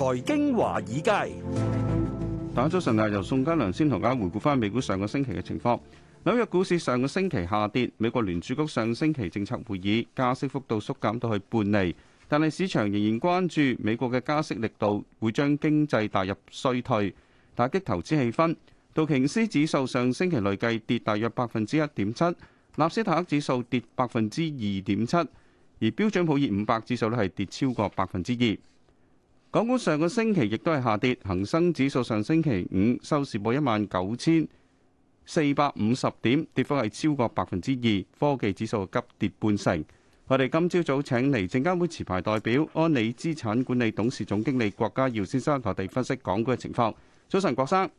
財經華爾街，大家早晨啊！由宋嘉良先同大家回顧返美股上個星期嘅情況。紐約股市上個星期下跌，美國聯儲局上星期政策會議加息幅度縮減到去半厘，但係市場仍然關注美國嘅加息力度會將經濟帶入衰退，打擊投資氣氛。道瓊斯指數上星期累計跌大約百分之一點七，納斯達克指數跌百分之二點七，而標準普爾五百指數咧係跌超過百分之二。港股上個星期亦都係下跌，恒生指數上星期五收市報一萬九千四百五十點，跌幅係超過百分之二，科技指數急跌半成。我哋今朝早請嚟證監會持牌代表安理資產管理董事總經理郭家耀先生同我哋分析港股嘅情況。早晨，郭生。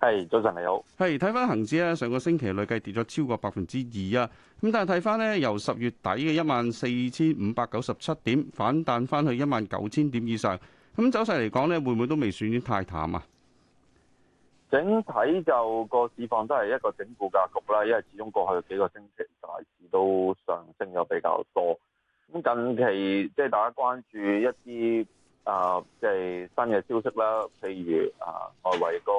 係、hey, 早晨，你好。係睇翻恒指咧，上個星期累計跌咗超過百分之二啊。咁但係睇翻咧，由十月底嘅一萬四千五百九十七點反彈翻去一萬九千點以上。咁走勢嚟講咧，會唔會都未算太淡啊？整體就個市況都係一個整固格局啦，因為始終過去幾個星期大市都上升咗比較多。咁近期即係、就是、大家關注一啲啊，即、呃、係、就是、新嘅消息啦，譬如啊、呃，外圍個。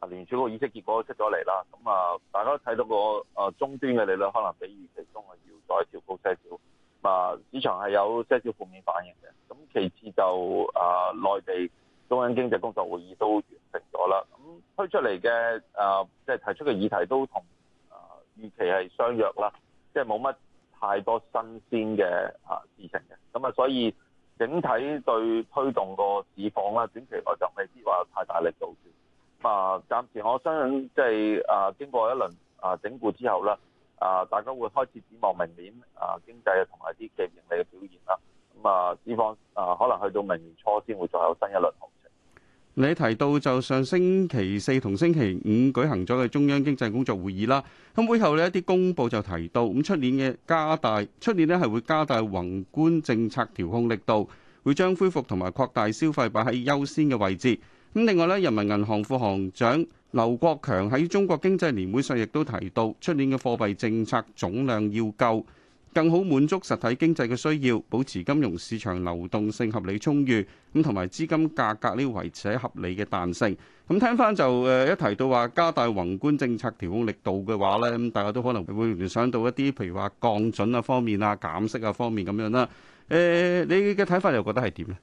啊，聯儲個議息結果出咗嚟啦，咁啊，大家都睇到個啊終端嘅利率可能比預期中係要再調高少少，啊，市場係有些少負面反應嘅。咁其次就啊，內地中央經濟工作會議都完成咗啦，咁推出嚟嘅啊，即係提出嘅議題都同啊預期係相若啦，即係冇乜太多新鮮嘅啊事情嘅。咁啊，所以整體對推動個市況啦，短期內就未必話有太大力度。啊，暫時我相信即係啊，經過一輪啊整固之後啦，啊大家會開始展望明年啊經濟同埋啲基本面嘅表現啦。咁啊呢方啊可能去到明年初先會再有新一輪行情。你提到就上星期四同星期五舉行咗嘅中央經濟工作會議啦，咁會後呢一啲公佈就提到，咁出年嘅加大出年呢係會加大宏觀政策調控力度，會將恢復同埋擴大消費擺喺優先嘅位置。咁另外咧，人民銀行副行長劉國強喺中國經濟年會上亦都提到，出年嘅貨幣政策總量要夠，更好滿足實體經濟嘅需要，保持金融市場流動性合理充裕，咁同埋資金價格呢，維持喺合理嘅彈性。咁聽翻就誒，一提到話加大宏觀政策調控力度嘅話咧，咁大家都可能會聯想到一啲，譬如話降準啊方面啊、減息啊方面咁樣啦。誒，你嘅睇法又覺得係點呢？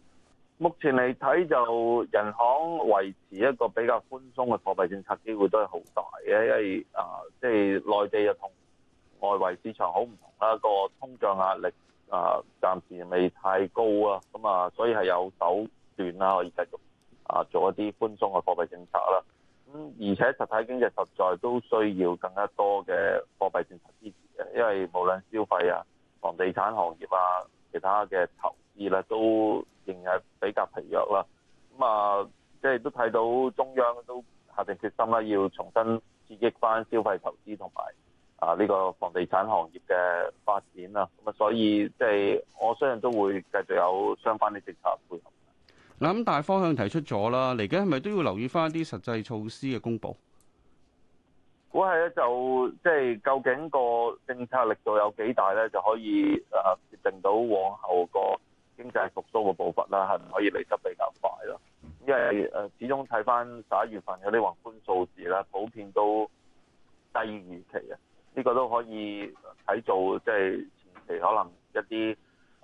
目前嚟睇就，人行維持一個比較寬鬆嘅貨幣政策機會都係好大嘅，因為啊，即係內地嘅同外圍市場好唔同啦，個通脹壓力啊，暫時未太高啊，咁啊，所以係有手段啦可以繼續啊，做一啲寬鬆嘅貨幣政策啦。咁而且實體經濟實在都需要更加多嘅貨幣政策支持嘅，因為無論消費啊、房地產行業啊、其他嘅投。二都仍然係比較疲弱啦。咁啊，即係都睇到中央都下定決心啦，要重新刺激翻消費、投資同埋啊呢個房地產行業嘅發展啦。咁啊，所以即係我相信都會繼續有相關嘅政策配合。嗱，咁大方向提出咗啦，嚟緊係咪都要留意翻啲實際措施嘅公布？估係咧，就即係究竟個政策力度有幾大咧，就可以誒決定到往後個。經濟復甦嘅步伐啦，係唔可以嚟得比較快咯，因為誒，始終睇翻十一月份嗰啲宏觀數字啦，普遍都低預期啊。呢個都可以睇做即係前期可能一啲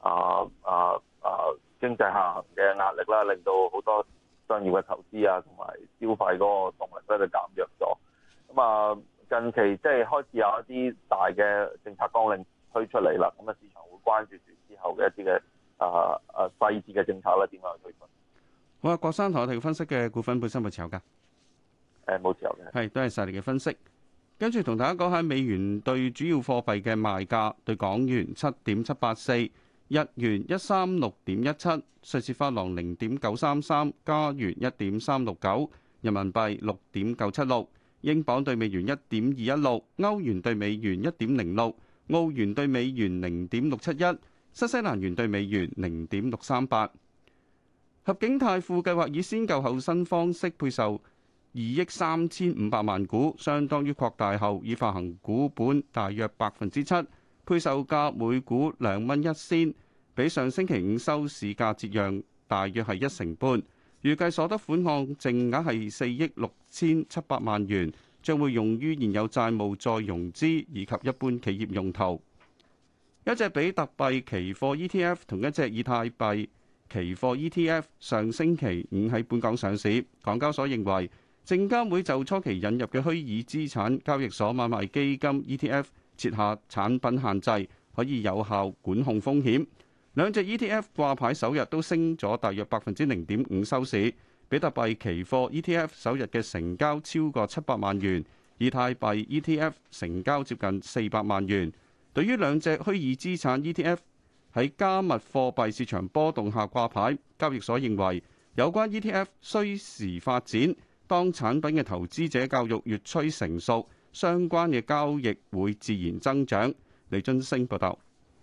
啊啊啊經濟下行嘅壓力啦，令到好多商業嘅投資啊同埋消費嗰個動力都係減弱咗。咁啊，近期即係開始有一啲大嘅政策綱領推出嚟啦，咁啊，市場會關注住之後嘅一啲嘅。啊啊！細節嘅政策咧，點樣去推進？好啊，郭生同我哋嘅分析嘅股份本身有冇持有㗎？誒冇持有嘅。係，都係實力嘅分析。跟住同大家講下美元對主要貨幣嘅賣價：對港元七點七八四，日元一三六點一七，瑞士法郎零點九三三，加元一點三六九，人民幣六點九七六，英鎊對美元一點二一六，歐元對美元一點零六，澳元對美元零點六七一。新西蘭元對美元零點六三八。合景泰富計劃以先舊後新方式配售二億三千五百萬股，相當於擴大後已發行股本大約百分之七。配售價每股兩蚊一仙，比上星期五收市價折讓大約係一成半。預計所得款項淨額係四億六千七百萬元，將會用於現有債務再融資，以及一般企業用途。一隻比特幣期貨 ETF 同一隻以太幣期貨 ETF 上星期五喺本港上市。港交所認為，證監會就初期引入嘅虛擬資產交易所買賣基金 ETF 設下產品限制，可以有效管控風險。兩隻 ETF 掛牌首日都升咗大約百分之零點五收市。比特幣期貨 ETF 首日嘅成交超過七百萬元，以太幣 ETF 成交接近四百萬元。對於兩隻虛擬資產 ETF 喺加密貨幣市場波動下掛牌，交易所認為有關 ETF 需時發展，當產品嘅投資者教育越趨成熟，相關嘅交易會自然增長。李津升報道，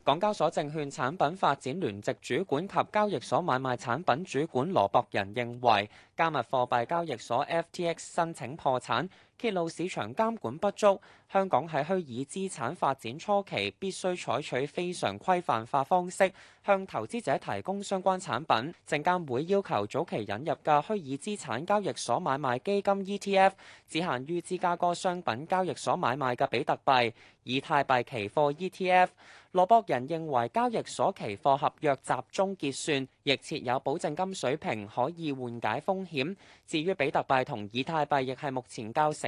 港交所證券產品發展聯席主管及交易所買賣產品主管羅博仁認為，加密貨幣交易所 FTX 申請破產，揭露市場監管不足，香港喺虛擬資產發展初期必須採取非常規範化方式，向投資者提供相關產品。證監會要求早期引入嘅虛擬資產交易所買賣基金 ETF，只限於芝加哥商品交易所買賣嘅比特幣、以太幣期貨 ETF。羅博人認為交易所期貨合約集中結算，亦設有保證金水平，可以緩解風險。至於比特幣同以太幣，亦係目前較成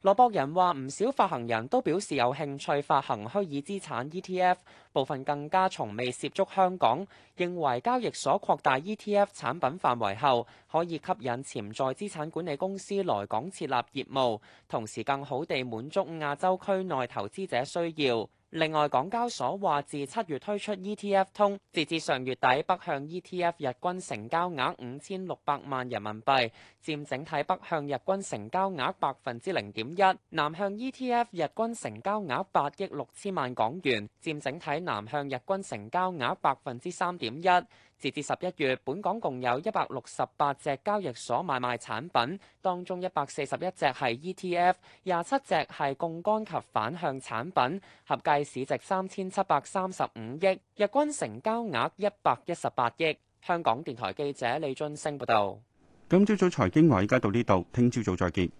羅博人話，唔少發行人都表示有興趣發行虛擬資產 ETF，部分更加從未涉足香港，認為交易所擴大 ETF 產品範圍後，可以吸引潛在資產管理公司來港設立業務，同時更好地滿足亞洲區內投資者需要。另外，港交所話，自七月推出 ETF 通，截至上月底，北向 ETF 日均成交額五千六百萬人民幣，佔整體北向日均成交額百分之零點一；南向 ETF 日均成交額八億六千萬港元，佔整體南向日均成交額百分之三點一。截至十一月，本港共有一百六十八隻交易所買賣產品，當中一百四十一隻係 ETF，廿七隻係槓桿及反向產品，合計市值三千七百三十五億，日均成交額一百一十八億。香港電台記者李津升報道：「今朝早財經話，依家到呢度，聽朝早再見。」